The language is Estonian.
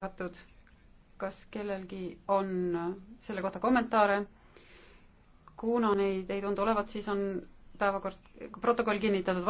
jagatud. kas kellelgi on selle kohta kommentaare? kuna neid ei tundu olevat, siis on päevakord, protokoll kinnitatud.